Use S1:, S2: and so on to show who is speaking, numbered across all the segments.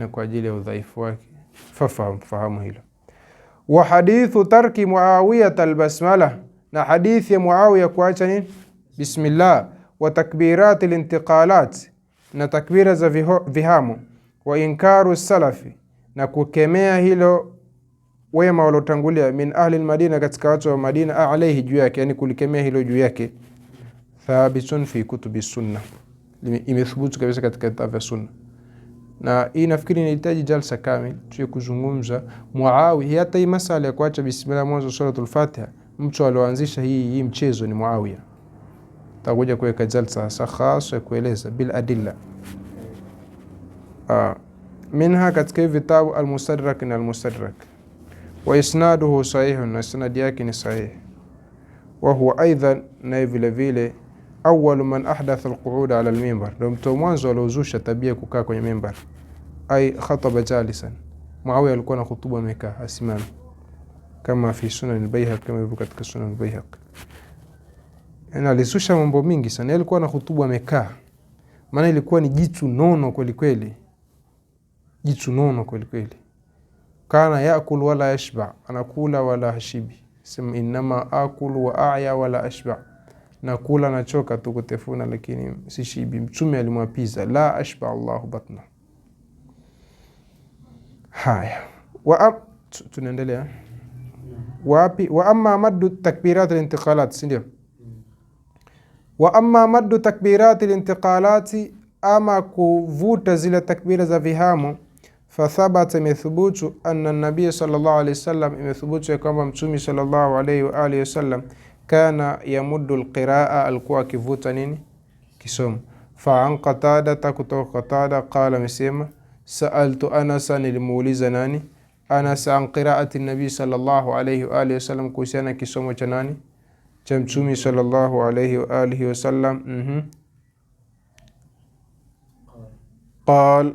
S1: na kwa ajili ya udhaifu wake, fafahamu hilo. Wa hadithu tarki Muawiyata albasmala, na hadithi ya Muawiya kuacha nini? Bismillah. Wa takbirati lintiqalat, na takbira za vihamo. Wa inkaru salafi, na kukemea hilo wema waliotangulia min ahli lmadina, katika watu wa Madina, alaihi juu yake, yani kulikemea hilo juu yake. Thabitun fi kutubi sunna, imethubutu kabisa katika kitabu vya sunna na hii nafikiri inahitaji jalsa kamili tuye kuzungumza Muawiya. Hata hii masala ya kuacha bismillah mwanzo suratul Fatiha, mtu alioanzisha hii hii mchezo ni Muawiya. Takuja kuweka jalsa hasa khas ya kueleza bil adilla ah, minha katika vitabu almustadrak na almustadrak wa isnaduhu sahihun, na isnadi yake ni sahih, wa huwa aidan, na vile vile awalu man ahdatha alqu'uda ala almimbar, ndio mtu mwanzo aliozusha tabia kukaa kwenye mimbar. Ai khataba jalisan, Muawiya alikuwa na khutuba amekaa asimami, kama fi sunan albayhaq, kama hivyo katika sunan albayhaq. Na alizusha mambo mingi sana, alikuwa na khutuba amekaa, maana ilikuwa ni jitu nono kweli kweli, jitu nono kweli kweli. Kana yakul wala yashba, anakula wala hashibi, sema innama akulu wa aya wala ashba nakula nachoka tu kutefuna, lakini sishibi. Mtume alimwapiza la ashba Allahu batna. Haya, tunaendelea wapi? Wa amma maddu takbirat alintiqalat, si ndio? Wa amma maddu takbirat alintiqalati, ama kuvuta zile takbira za vihamo Fathabata, imethubutu anna nabiy sallallahu alayhi wasallam, imethubutu ya kwamba mtume sallallahu alayhi wa alihi wasallam kana yamuddu alqiraa, alikuwa akivuta nini kisomo. Fa an Qatada, kutoka Qatada qala, amesema saaltu Anasa, nilimuuliza nani Anas an qiraati nabii sallallahu alayhi wa alihi wasallam, kuhusiana kisomo cha nani cha mtume sallallahu alayhi wa alihi wasallam. Mhm, qal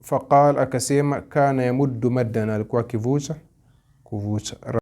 S1: faqal, akasema kana yamuddu maddan, alikuwa akivuta kuvuta